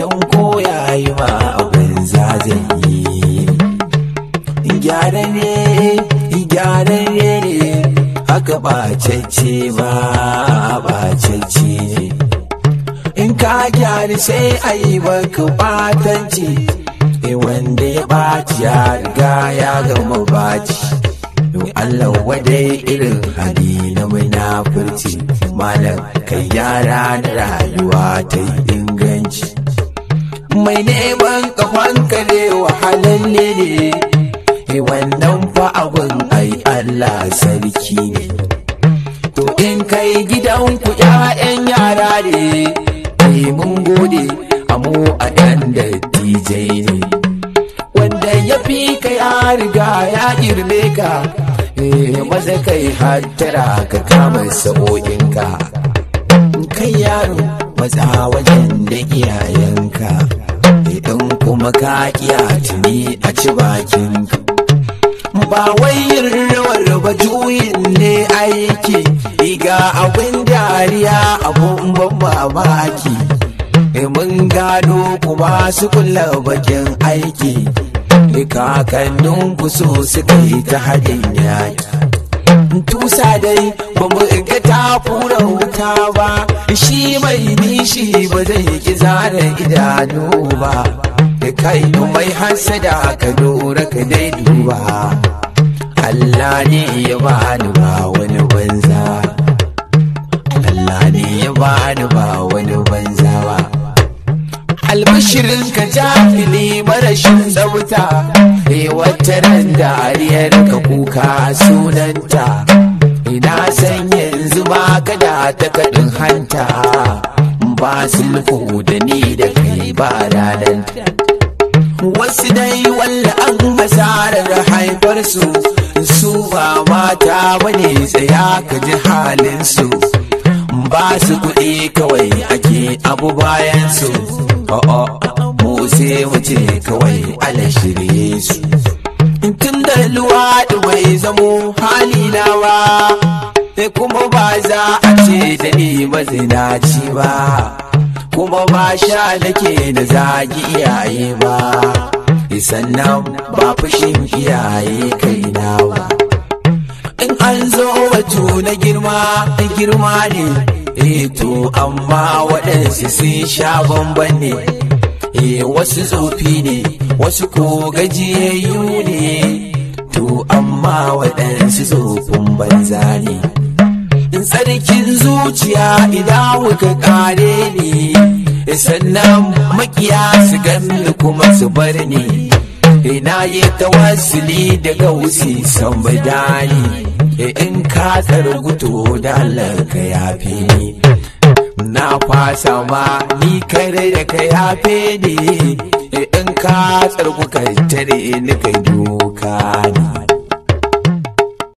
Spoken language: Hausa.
don ya yi ma abin zazen yi gyararre gyararre ne haka bacacce ba bacacce ne in ka gyari sai a yi maka batanci eh, wanda ya ɓaci ya riga ya gama baci don Allah wadai irin hali na munafurci malam kai yara da rayuwa ta inganci mai neman kafan ne wahalalle ne e wannan fa abin ai Allah sarki ne to in kai gidan gidanku ƴaƴan yara ne ai mun gode amo a ɗan dattijai ne wanda ya fi kai ya riga ya girme ka eh, maza kai hattara ka kama ka kai yaro wajen da iyayenka in kuma ka kiya tuni a ci bakin ba wai rawar ba juyin ne aiki iga abin dariya abun ban mamaki eh, mun gado kuma su kula bakin aiki eh, kakannin ku so suka yi ta haɗin yaki tusa dai ba mu ga ta fura wuta ba shi mai nishi ba zai ki zara idanu ba da kai mai hasada ka lura ka dai duba Allah ne ya bani ba wani banza Allah ne ya bani ba wani banza ba albashirin ka jafili marashin tsauta e eh, wata ran da ariyar ka kuka sunanta ina san yanzu ba ka da takaɗin hanta ba sulhu da ni da kai ba ranar wasu dai walla an hasarar haifarsu su ba mata bane tsaya ka ji halinsu ba su kuɗi kawai ake abu bayansu o'o oh, oh, mu sai mu ce kawai ala shirye su zamo hali nawa sai kuma ba za a ce da ni mazinaci ba kuma ba sha nake da zagi iyaye ba sannan ba fushin iyaye kaina ba in an zo wato na girma da girma ne eh to amma waɗansu sun sha bamban ne eh wasu tsofi ne wasu ko gajiyayyu ne amma waɗansu tsofin banza ne in tsarkin zuciya idan wuka kare ni. sannan makiya su ganni kuma su bar ni ina yi tawassuli daga wusi san badani in ka targuto da Allah ka yafe ni na fasa ma ni kare da ka yafe ni in ka tsargu ka tare ni ka duka ni